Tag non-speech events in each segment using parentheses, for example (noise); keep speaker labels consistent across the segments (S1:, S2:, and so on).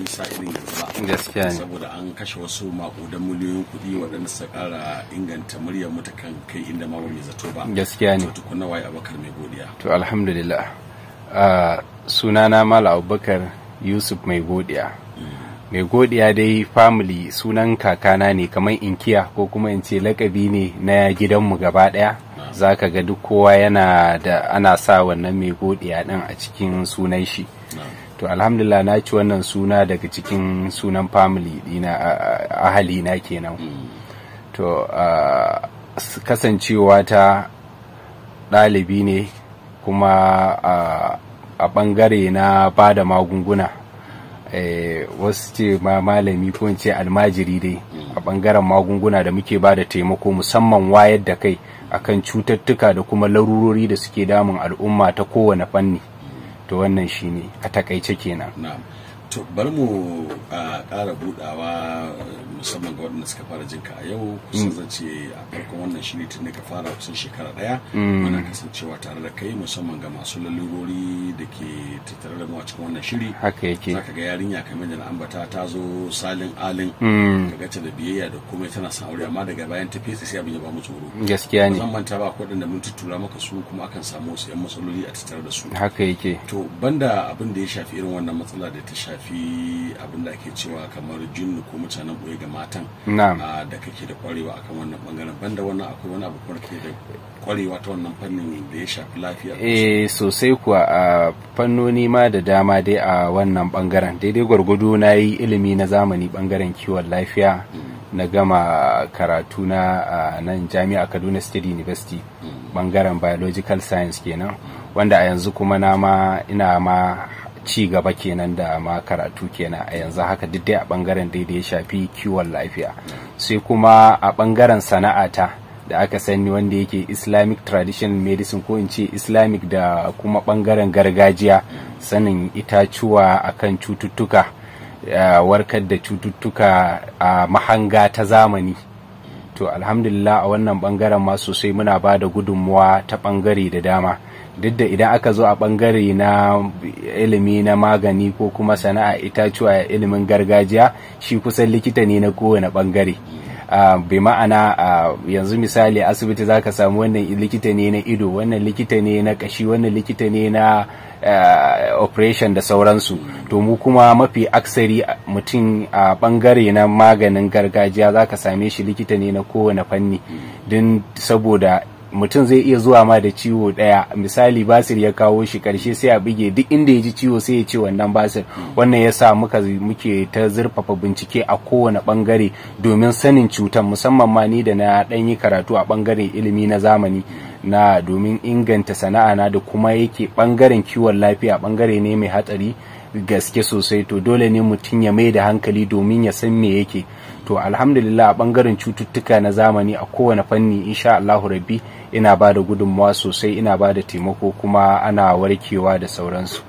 S1: nisa gaskiya ne kashe wasu makudan miliyoyin kuɗi waɗanda suka ƙara inganta gaskiya ne to tukunna waye abakar mai
S2: ah, abubakar yusuf mai godiya mm. mai godiya dai family sunan kakana ne kamar inkiya ko kuma in ce lakabi ne na gidanmu gaba daya ah. zaka ga duk kowa yana da ana sa wannan mai godiya din a cikin sunan shi to alhamdulillah na ci wannan suna daga cikin sunan family dina ahali na kenan mm. to kasancewa ta ɗalibi ne kuma a bangare na ba da magunguna e, wasu ce ma malami ko ce almajiri dai mm. a ɓangaren magunguna da muke ba da taimako musamman wayar da kai akan cututtuka da kuma larurori da suke damun al'umma ta kowane fanni. to wannan ne a takaice kenan
S1: to bar mu a ƙara budawa musamman ga waɗanda suka fara jinka a yau mm. kusan zan ce a farkon wannan shiri tun da ka fara kusan shekara ɗaya mm. muna kasancewa tare da kai musamman ga masu lalurori a cikin wannan shiri haka yake zaka ga yarinya kamar da na ambata ta zo salin alin mm. ka ga ta da biyayya da komai tana son aure amma daga bayan ta fesa sai abin ya ba mu tsoro gaskiya ne musamman ta ba kuɗin da mun tuttura maka su kuma akan samu su yan matsaloli a tattare da su haka
S2: yake to banda
S1: abin da ya shafi irin wannan matsala da ta shafi abin da ake cewa kamar jinnu ko mutanen boye ga matan ah, da kake da kwarewa akan wannan bangaren banda wannan akwai wani abu kwarke da kwarewa ta wannan fannin da ya shafi lafiya eh
S2: sosai kuwa a fannoni ma da dama dai a wannan bangaren daidai gwargwado na yi ilimi na zamani bangaren kiwon lafiya mm. na gama ah, karatu na nan jami'a kaduna state university bangaren mm. biological science kenan wanda a yanzu kuma na ma ina ma ci gaba kenan da ma karatu kenan a yanzu haka duk dai a bangaren daidai ya shafi kiwon lafiya mm. sai kuma a bangaren ta. da aka sani wanda yake islamic traditional medicine ko in ce islamic da kuma bangaren gargajiya sanin itacuwa akan cututtuka warkar da cututtuka a mahanga ta zamani to alhamdulillah a wannan bangaren ma sosai muna ba da gudunmuwa ta bangare da dama duk da idan aka zo a bangare na ilimi na magani ko kuma sana'a itacuwa ilimin gargajiya shi kusan likita ne na kowane bangare. Ah, bai ma'ana ah, yanzu misali asibiti zaka samu wannan likita ne na ido wannan likita ne na kashi wannan likita ne na ah, operation da sauransu to mu kuma mafi aksari mutum a bangare na maganin gargajiya zaka same shi likita ne na kowane fanni don saboda mutum zai iya zuwa ma da ciwo daya misali basir ya kawo shi karshe sai a bige duk inda ya ji ciwo sai ya ce wannan basir wannan ya sa muka muke ta zurfafa bincike a kowane bangare domin sanin cutar musamman ma ni da na dan yi karatu a bangaren ilimi na zamani na domin inganta sana'a na da kuma yake bangaren kiwon lafiya bangare ne mai hatsari gaske sosai to dole ne mutum ya mai da hankali domin ya san me yake to alhamdulillah a bangaren cututtuka na zamani a kowane fanni insha Allahu rabbi ina ba da gudunmawa sosai ina ba da taimako kuma ana warkewa da sauransu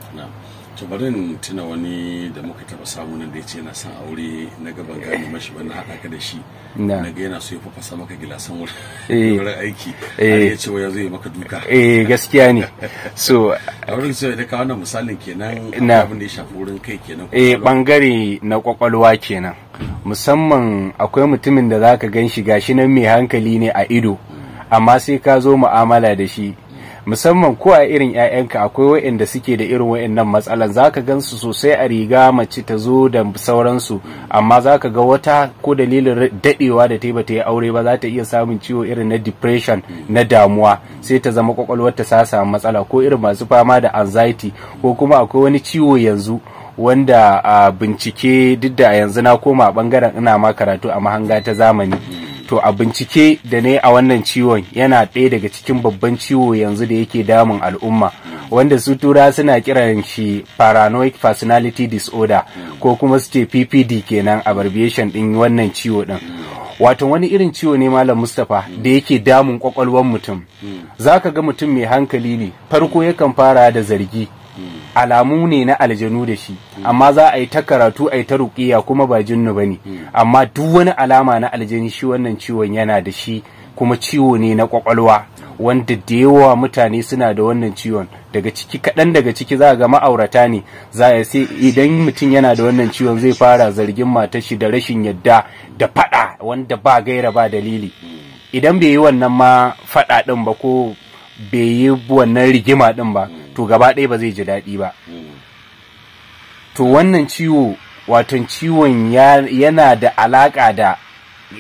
S1: to bari tuna wani da muka taba samu nan da yace yana son aure na ban gane mashi ba na haɗa ka da shi na ga yana so ya fafasa maka gilasan wurin eh. (laughs) aiki eh. ya ce waya zai maka duka eh gaskiya
S2: ne (laughs) so
S1: a wurin so da ka wannan misalin kenan abin da ya shafi wurin kai kenan eh
S2: bangare na kwakwalwa kenan musamman akwai mutumin da zaka gan shi gashi nan mai hankali ne a ido amma sai ka zo mu'amala da shi musamman ko a irin 'ya'yanka akwai waɗanda suke da irin waɗannan matsalan za ka gan su sosai a riga mace ta zo da sauransu amma za ka ga wata ko dalilin daɗewa da ta yi bata yi aure ba za ta iya samun ciwo irin na depression na damuwa sai ta zama kwakwalwar ta samu matsala ko irin masu fama da anxiety ko kuma akwai wani ciwo yanzu wanda a bincike duk da yanzu na koma a bangaren ina ma karatu a mahanga ta zamani hmm. to a bincike da ne a wannan ciwon yana ɗaya daga cikin babban ciwo yanzu da yake damun al'umma hmm. wanda su tura suna kiran shi paranoid personality disorder hmm. ko kuma su ce ppd kenan abbreviation din wannan ciwo din. wato wani irin ciwo ne malam mustapha da yake damun kwakwalwar mutum zaka ga mutum mai hankali ne farko yakan fara da zargi alamu ne na aljanu da shi amma za a yi ta karatu a yi ta ruƙiya kuma ba jinnu ba ne amma duk wani alama na aljani shi wannan ciwon yana da shi kuma ciwo ne na ƙwaƙwalwa. wanda da yawa mutane suna da wannan ciwon daga ciki kaɗan daga ciki za a ga ma'aurata ne za a sai idan mutum yana da wannan ciwon zai fara zargin matar shi da rashin yadda da faɗa wanda ba gaira ba dalili idan bai yi wannan ma faɗa ɗin ba ko bai yi wannan rigima ɗin ba to gaba ɗaya ba zai ji daɗi ba to wannan ciwo watan ciwon yana da alaƙa da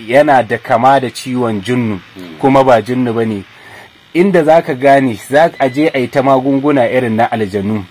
S2: yana da kama da ciwon jinnu, kuma ba jinnu ba ne inda za ka gane za a je a yi ta magunguna irin na aljanu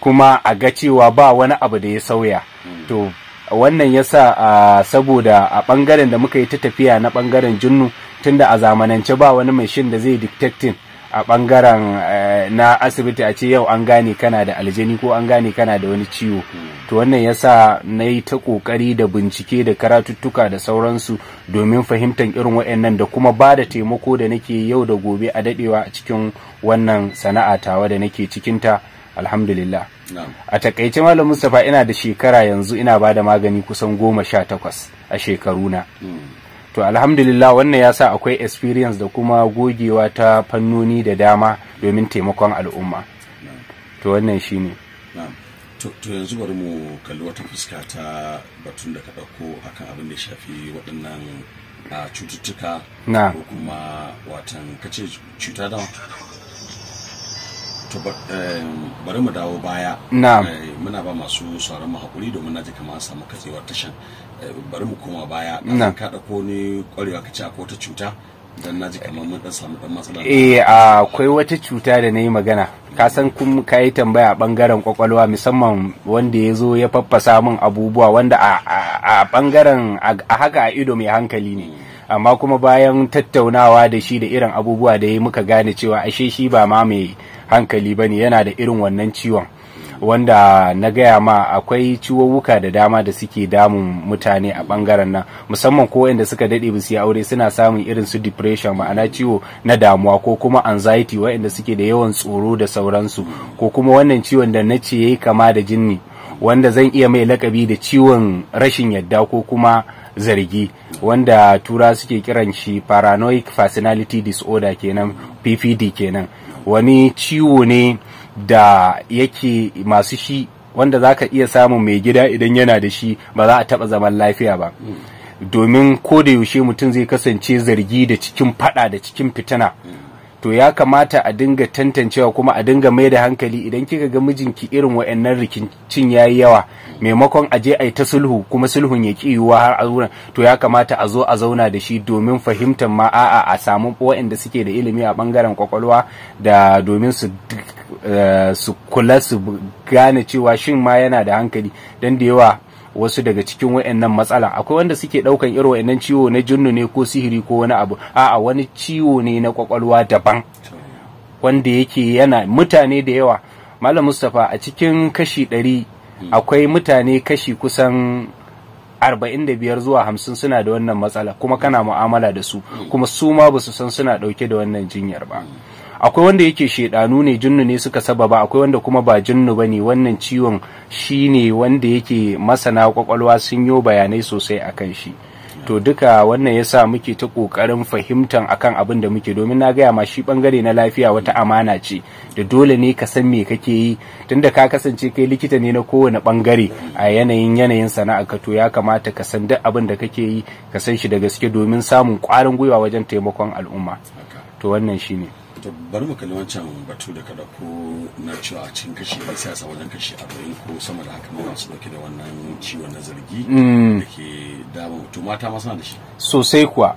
S2: kuma a ga cewa ba wani abu da ya sauya to wannan ya sa saboda a ɓangaren da muka yi ta tafiya na ɓangaren jinnu, tunda a zamanance ba wani mashin da zai detecting a ɓangaren eh, na asibiti a ce yau an gane kana da aljani ko an gane kana da wani ciwo to wannan ya sa na yi ta kokari da bincike da karatuttuka da sauransu domin fahimtar irin waɗannan da kuma ba da taimako da nake yau da gobe a dadewa a cikin wannan sana'a tawa da nake cikinta alhamdulillah a takaice malam mustapha ina da shekara yanzu ina ba da magani kusan goma sha takwas a shekaruna hmm. to alhamdulillah wannan ya sa akwai experience da kuma gogewa ta fannoni da dama domin taimakon al'umma
S1: to wannan ne to yanzu bari mu kalli wata fuska ta batun da ka ɗauko akan abin da shafi waɗannan cututtuka ko kuma watan kace cuta da to bari mu dawo baya eh, muna ba masu sauran mahaƙuri domin na ji kamar samu katsewar tashan bari mu koma baya ka dauko ne kwarewa kace akwai wata cuta dan na kamar mun dan samu dan matsala eh
S2: akwai wata cuta da na yi magana ka san kun ka yi tambaya bangaren kwakwalwa musamman wanda ya zo ya faffasa min abubuwa wanda a bangaren a haka a ido mai hankali ne amma kuma bayan tattaunawa da shi da irin abubuwa da ya muka gane cewa ashe shi ba ma mai hankali ba ne yana da irin wannan ciwon wanda na gaya ma akwai ciwowuka da dama da suke damun mutane a bangaren nan musamman ko wanda suka dade ba su aure suna samun irin su depression ma'ana ciwo na damuwa ko kuma anxiety wa'anda suke da yawan tsoro da sauransu ko kuma wannan ciwon da na ce yayi kama da jinni wanda zan iya mai lakabi da ciwon rashin yadda ko kuma zargi wanda tura suke kiran shi paranoid personality disorder kenan ppd kenan wani ciwo ne da yake masu shi wanda za ka iya samun mai gida idan yana da shi ba za a taɓa zaman lafiya ba domin ko da yaushe mutum zai kasance zargi da cikin fada da cikin fitina to ya kamata a dinga tantancewa kuma a dinga mai da hankali idan kika ga mijinki irin wa'annan rikicin yayi yawa maimakon a je a yi ta sulhu kuma sulhun ya ki yiwuwa har a wurin to ya kamata a zo a zauna da shi domin fahimtar ma a'a a samu waɗanda suke da ilimi a ɓangaren kwakwalwa da domin su eh, su kula su gane cewa shin ma yana da hankali don da yawa wasu daga cikin waɗannan matsala akwai wanda suke ɗaukan irin wayannan ciwo na jinnu ne ko sihiri ko wani abu a'a wani ciwo ne na kwakwalwa daban wanda yake yana mutane da yawa malam mustapha a cikin kashi ɗari akwai mutane kashi kusan 45 zuwa 50 suna da wannan matsala kuma kana mu'amala da su kuma su ma ba su san suna dauke da wannan jinyar ba akwai wanda yake shedanu ne jinnu ne suka sababa akwai wanda kuma ba jinnu ba ne wannan ciwon shi ne wanda yake masana kwakwalwa sun yi bayanai sosai a kan shi to duka wannan ya sa muke ta kokarin fahimtar akan abin da muke domin na gaya ma shi bangare na lafiya wata amana ce da dole ne ka san me kake yi tunda ka kasance kai likita ne na kowane bangare a yanayin yanayin sana'a ka to ya kamata ka san duk abin da kake yi ka san shi da gaske domin samun
S1: ƙwarin gwiwa wajen taimakon al'umma to wannan shine to bari mu kalli wancan batu da kada ko na cewa a cikin kashi ɗan siyasa wajen kashi arba'in ko sama da haka masu dauke da wannan ciwon na zargi mm. da ke damun to mata ma suna da shi
S2: sosai kuwa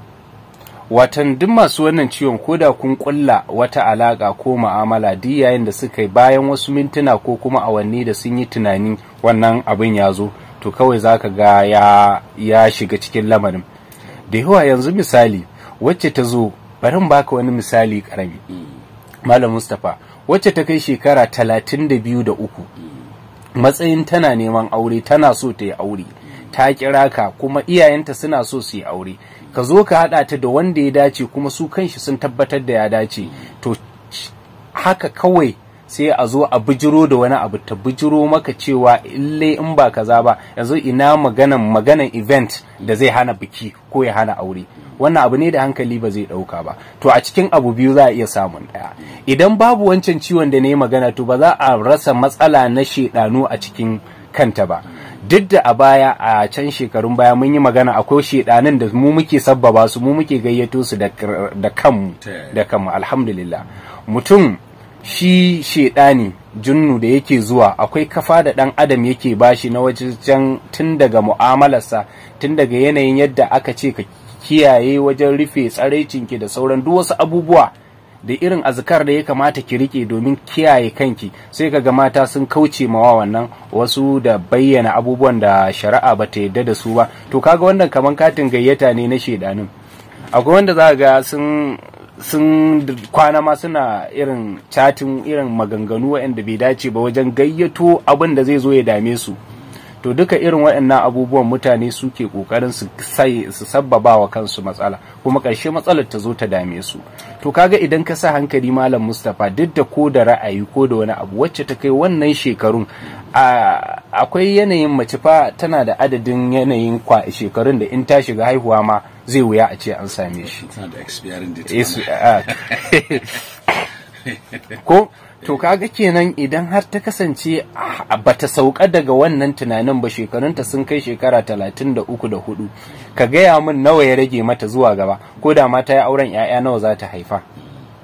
S2: watan duk masu wannan ciwon koda kun kulla wata alaka ko ma'amala duk yayin da suka yi bayan wasu mintuna ko kuma awanni da sun yi tunani wannan abin ya zo to kawai za ka ga ya shiga cikin lamarin da yawa yanzu misali wacce ta zo bari in baka wani misali karami malam mustapha wacce ta kai shekara talatin da biyu da uku matsayin tana neman aure tana so ta yi aure ta kira ka kuma iyayenta suna so su yi aure ka zo ka haɗa ta da wanda ya dace kuma su kanshi sun tabbatar da ya dace to haka kawai sai a zo a bijiro da wani abu ta bijiro maka cewa ille in ba kaza ba yanzu ina maganan maganan event da zai hana biki ko ya hana aure wannan abu ne da hankali ba zai dauka ba to a cikin abu biyu za a iya samun daya idan babu wancan ciwon da na yi magana to ba za a rasa matsala na shedanu a cikin kanta ba duk da a baya a can shekarun baya mun yi magana akwai shedanin da mu muke sabbaba su mu muke gayyato su da kanmu da kanmu alhamdulillah mutum shi shaidani junnu da yake zuwa akwai kafa da ɗan adam yake bashi na wajen tun daga mu'amalarsa tun daga yanayin yadda aka ce ka kiyaye wajen rufe tsaraicinki da sauran duk wasu abubuwa da irin azkar da ya kamata ki rike domin kiyaye kanki sai ka ga mata sun kauce mawa wannan wasu da bayyana abubuwan da shari'a ba ta yadda da su ba to kaga wannan kaman katin gayyata ne na shaidanin akwai wanda za ga sun sun kwana ma suna irin chatin irin maganganu waɗanda bai dace ba wajen gayyato abin da zai zo ya dame su to duka irin waɗannan abubuwan mutane suke kokarin su su sabbaba wa kansu matsala kuma ƙarshe matsalar ta zo ta dame su to kaga idan ka sa hankali malam mustapha duk da ko da ra'ayi ko da wani abu wacce ta kai wannan shekarun akwai yanayin mace fa tana da adadin yanayin shekarun da in ta shiga haihuwa ma zai wuya a ce an same shi ah.
S1: (laughs) ko
S2: to kaga kenan idan har ta kasance ah, bata sauka daga wannan tunanin ba shekarunta sun kai shekara talatin da uku da hudu ka gaya min nawa ya rage mata zuwa gaba ko da ma ta yi auren 'ya'ya nawa za ta haifa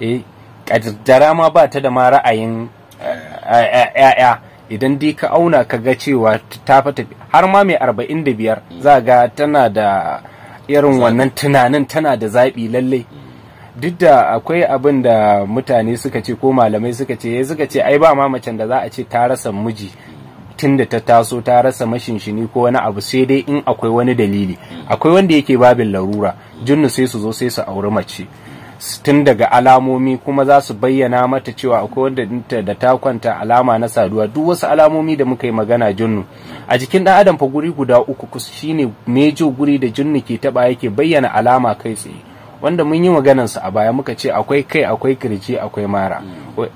S2: eh kaddara ma ba ta da ma ra'ayin eh, eh, eh, 'ya'ya idan dai ka auna ka ga cewa ta fata har ma mai arba'in da biyar za ga tana da irin wannan tunanin tana da zaɓi lallai duk da akwai abin da mutane suka ce ko malamai suka ce ya eh, suka ce ai ba ma macen da za a ce ta rasa miji tun da ta taso ta rasa mashinshini ko wani abu sai dai in akwai wani dalili akwai wanda yake babin larura junnu sai su zo sai su auri mace tun daga alamomi kuma za su bayyana mata cewa akwai wanda da ta kwanta alama na saduwa duk wasu alamomi da muka yi magana junnu a jikin ɗan adam fa guri guda uku shine mejo guri da junnu ke taba yake bayyana alama kai tsaye wanda mun yi maganansu a baya muka ce akwai kai akwai kirji akwai mara mm.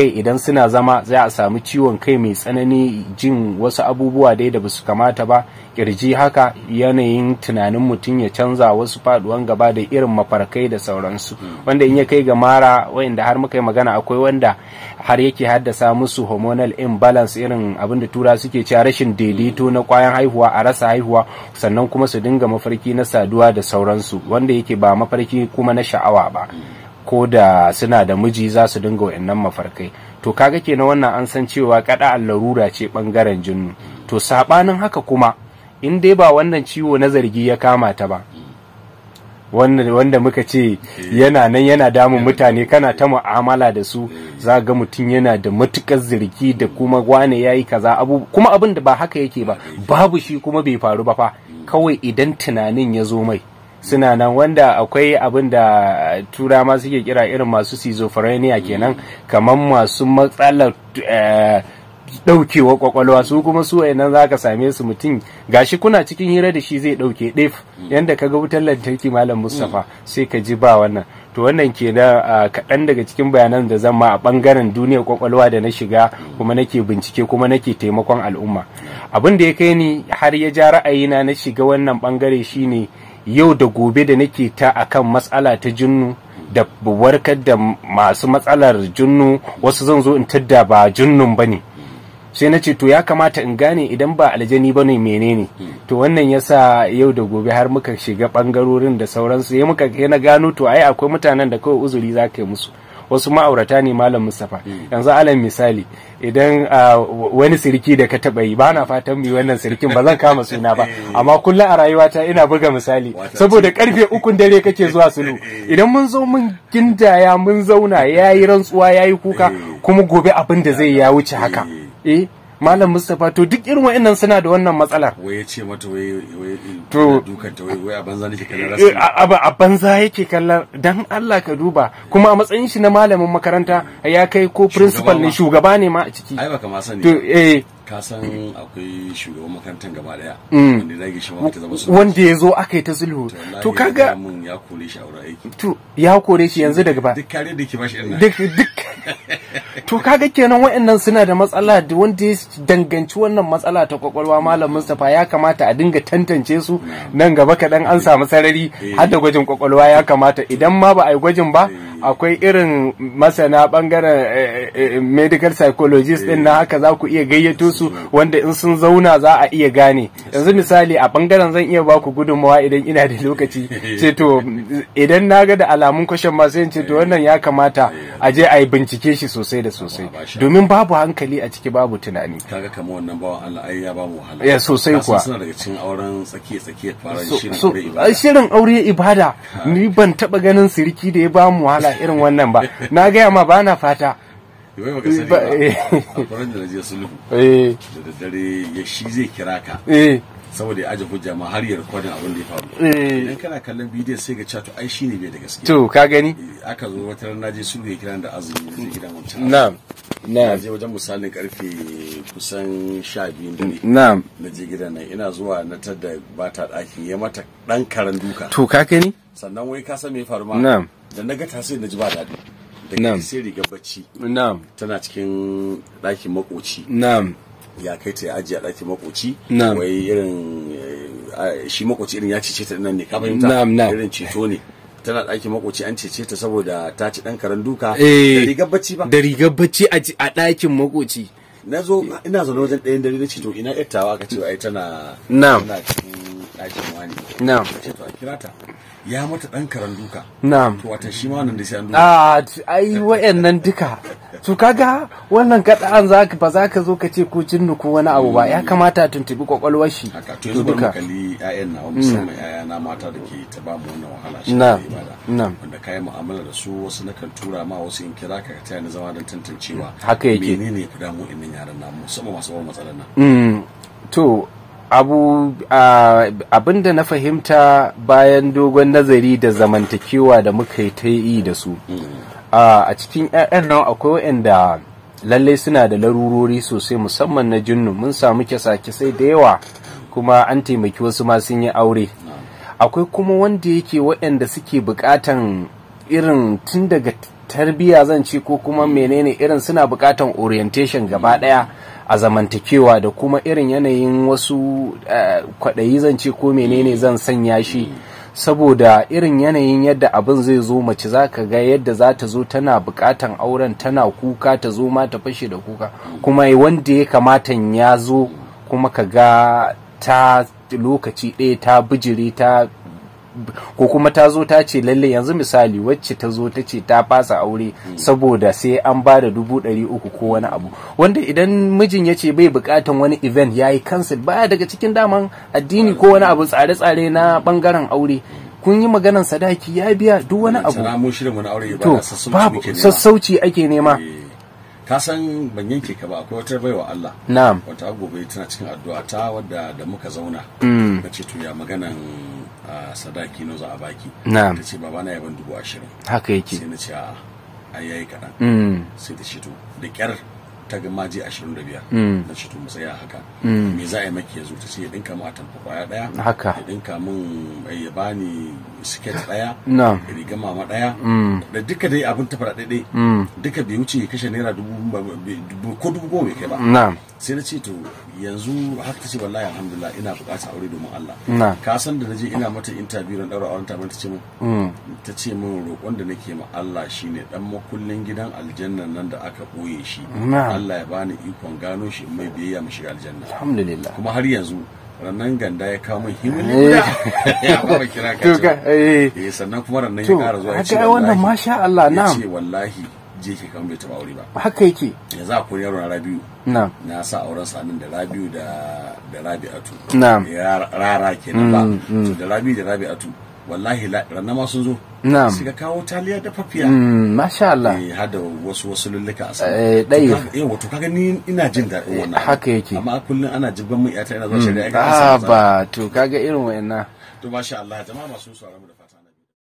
S2: kai idan suna zama za a samu ciwon kai mai tsanani jin wasu abubuwa dai da basu kamata ba kirji haka yanayin tunanin mutum ya canza wasu faduwan gaba da irin mafarkai da sauransu hmm. wanda in ya kai ga mara wanda har muka yi magana akwai wanda har yake haddasa musu hormonal imbalance irin abin da tura suke cewa rashin daidaito hmm. na kwayan haihuwa a rasa haihuwa sannan kuma su dinga mafarki na saduwa da sauransu wanda yake ba mafarki kuma na sha'awa ba hmm. ko da suna da miji za su dinga wa'annan mafarkai to kaga kenan wannan an san cewa kada allarura ce bangaren jinnu to sabanin haka kuma in dai ba wannan ciwo na zargi ya kama ta ba wanda muka ce yana nan yana damun mutane kana ta mu'amala da su za ga mutum yana da matukar zirgi da kuma gwane ya yi kaza abu kuma abin da ba haka yake ba babu shi kuma bai faru ba fa kawai idan tunanin ya zo mai suna nan wanda akwai abin da tura ma suke kira irin masu schizophrenia kenan kamar masu matsalar daukewar eh, kwakwalwa su kuma su nan za ka same su mutum gashi kuna cikin hira da shi zai dauke ɗif yadda ka ga wutar lantarki malam mustapha sai ka ji ba wannan to wannan ke na kaɗan daga cikin bayanan da zama a ɓangaren duniyar kwakwalwa da na shiga kuma nake bincike kuma nake taimakon al'umma abin da ya kai ni har ya ja ra'ayina na shiga wannan ɓangare shine yau da gobe da nake ta akan matsala ta jinnu da warkar da masu matsalar jinnu wasu zan zo in tadda ba jinnun bane sai na ce to ya kamata in gane idan ba aljani ba menene to wannan yasa yau da gobe har muka shiga bangarorin da sauransu ya muka na gano to ai akwai mutanen da kawai uzuri za ka yi musu wasu ma'aurata ne malam Mustapha hmm. yanzu alam misali idan ah, wani sirki da ka taba yi ba na fatan mu wannan sirkin ba zan kama suna ba (laughs) amma kullum a rayuwata ina buga misali saboda karfe ukun dare kake zuwa sulu (laughs) idan mun zo mun gindaya mun zauna yayi rantsuwa yayi kuka eh. kuma gobe abin da zai ya wuce eh. haka eh malam mustapha to duk irin wa'annan suna da wannan matsalar
S1: wai ya ce mata wai to dukanta wai wai a banza nake kallon eh, rasu
S2: a banza yake kallon dan Allah ka duba kuma a matsayin shi na malamin makaranta ya kai ko principal ne shugaba ne
S1: ma a ciki ai baka ma sani to eh ka san akwai shugaban makarantar gaba daya mm. wanda zai shi ta zama sulhu wanda ya zo
S2: aka yi ta sulhu to kaga mun
S1: ya kore shi a wurin aiki to ya kore shi yanzu daga ba duk kare da ke bashi ina duk duk (laughs) to
S2: kaga kenan waɗannan suna da matsala da wanda ya danganci wannan matsala ta kwakwalwa malam Mustapha ya kamata a dinga tantance su nan gaba kaɗan an samu sarari eh. har da gwajin kwakwalwa ya kamata idan ma ba a yi gwajin ba eh. akwai irin masana bangaren eh, eh, eh, medical psychologist din na haka za ku iya gayyato su wanda in sun zauna za a iya gane yanzu misali a bangaren zan iya baku gudunmawa idan ina da lokaci ce to idan na ga da alamun kwashen masu yin ce to wannan ya kamata a je a yi bincike shi sosai da sosai
S1: domin babu hankali a ciki babu tunani kaga kamar wannan bawan Allah ai ya bamu wahala ya sosai kuwa suna daga cikin auren tsakiya tsakiya fara shirin aure ibada
S2: shirin aure ibada ni ban taba ganin siriki da ya mu wahala ba irin wannan ba na gaya ma ba na fata
S1: eh, ba a eh. da na je eh. da ya shi zai kira ka saboda ya aje hujja ma har yar kwadin abin da ya faru idan kana kallon bidiyo sai ga cato ai shine bai da gaske to ka gani aka zo wata ran naje su ya kira da azumi gida gidan wancan na'am na'am je wajen misalin karfe kusan 12 dare na'am na je gidan nan ina zuwa na tadda bata daki ya mata dan karan duka
S2: to ka gani
S1: sannan wai ka san me faru ma na'am da na ga ta sai na ji ba daɗi da ke sai riga bacci tana cikin ɗakin makoci ya kai ta ajiye ɗakin makoci wai irin eh, shi makoci irin ya cece ta nan ne ka fahimta irin ceto ne tana ɗakin makoci an cece ta saboda ta ci ɗan karen duka eh. da rigar bacci ba da rigar bacci a
S2: ɗakin
S1: makoci na zo ina zaune wajen ɗayan dare na ce to ina yattawa ka ce ai tana tana cikin ɗakin wani na'am ce to a kira ta ya mata dan karan duka na'am to wata shi ma wannan da sai an duka a
S2: ah, ai wayannan duka to kaga wannan kada an ka ba zaka zo ka ce ko jinnu ko wani abu ba ya mm. kamata tuntubi kwakwalwar shi haka to yanzu ba kali ƴaƴan na musamman mm.
S1: ƴaƴa na mata da ke ta ba mu wannan wahala shi na'am na'am wanda kai mu'amala da su wasu na kan tura ma wasu in kira ka ta ni zama don tantancewa haka yake menene ku damu innan yaran namu musamman masu wannan matsalar nan
S2: mm. to abu abin da na fahimta bayan dogon nazari da zamantakewa da muka yi ta yi da su mm. a cikin 'ya'yan nan akwai waɗanda lallai suna da larurori sosai musamman na jinnu mun samu kyasa-kyasai da yawa kuma an taimaki wasu ma sun yi aure akwai kuma wanda yake waɗanda suke buƙatan irin tun daga tarbiyya zan ce ko kuma menene irin suna bukatan orientation gaba daya a zamantakewa da kuma irin yanayin wasu eh, kwaɗayi zan ce ko menene zan sanya shi saboda irin yanayin yadda abin zai zo mace za ka ga yadda za ta zo tana bukatan auren tana kuka ta zo ma ta fashe da kuka kuma wanda ya kamata ya zo kuma ka ga ta lokaci ɗaya ta bijire ta ko kuma ta zo ta ce lalle yanzu misali wacce ta zo ta ce ta fasa aure hmm. saboda sai an ba da dubu ɗari uku ko wani abu wanda idan mijin ya ce bai bukatan wani event ya yi cancel baya daga cikin daman addini ko wani abu tsare-tsare na bangaren aure kun yi maganan sadaki ya
S1: biya duk wani abu to babu sassauci ake nema eh, ka san ban yanke ka akwai wata baiwa Allah wata gobe tana cikin addu'a ta wadda da muka zauna hmm. ce to maganan sadaki na za a baki na'am ta ce baba na yaban dubu ashirin haka yake sai na ce a ai yayi kaɗan mm. sai ta shito to da kyar ta ga maji ashirin da biyar mm. na shito to mu tsaya haka mm. me za a yi maki yanzu ta ce ya dinka mu a kwaya ɗaya haka ya dinka mun ya bani siket ɗaya na'am ya riga mama ɗaya da duka dai abin ta faɗa duka bai wuce ya kashe naira dubu ko dubu goma bai kai ba na'am sai na ce to yanzu har ta ce wallahi alhamdulillah ina bukata aure domin Allah ka san da naje ina mata interview na daura auren ta ban ta ce min mm. ta ce min roƙon da nake ma Allah shine dan makullin gidan aljanna nan da aka boye shi Allah ya bani ikon gano shi mai biyayya mu shiga aljanna alhamdulillah kuma har yanzu rannan ganda ya kawo min himmin eh. (laughs) ya ba kira ka ce eh. Eh, sannan kuma rannan ya kara zuwa ya ce wannan masha Allah na ya ce wallahi je ki kan bai taba aure ba haka yake yanzu akwai yaro na rabiu na sa auren sanin da rabiu da da rabi'atu na rara ke na ba to mm, mm. da rabiu da rabi'atu wallahi ranar ma sun zo na'am suka kawo taliya da fafiya mm, masha Allah eh hada wasu wasu lullika a sai eh dai eh wato kaga ni ina jin da eh, wannan haka yake amma kullun ana jibban mu iyata ina zuwa shari'a ah, ba to kaga irin wayanna to masha Allah jama'a masu sauraron mu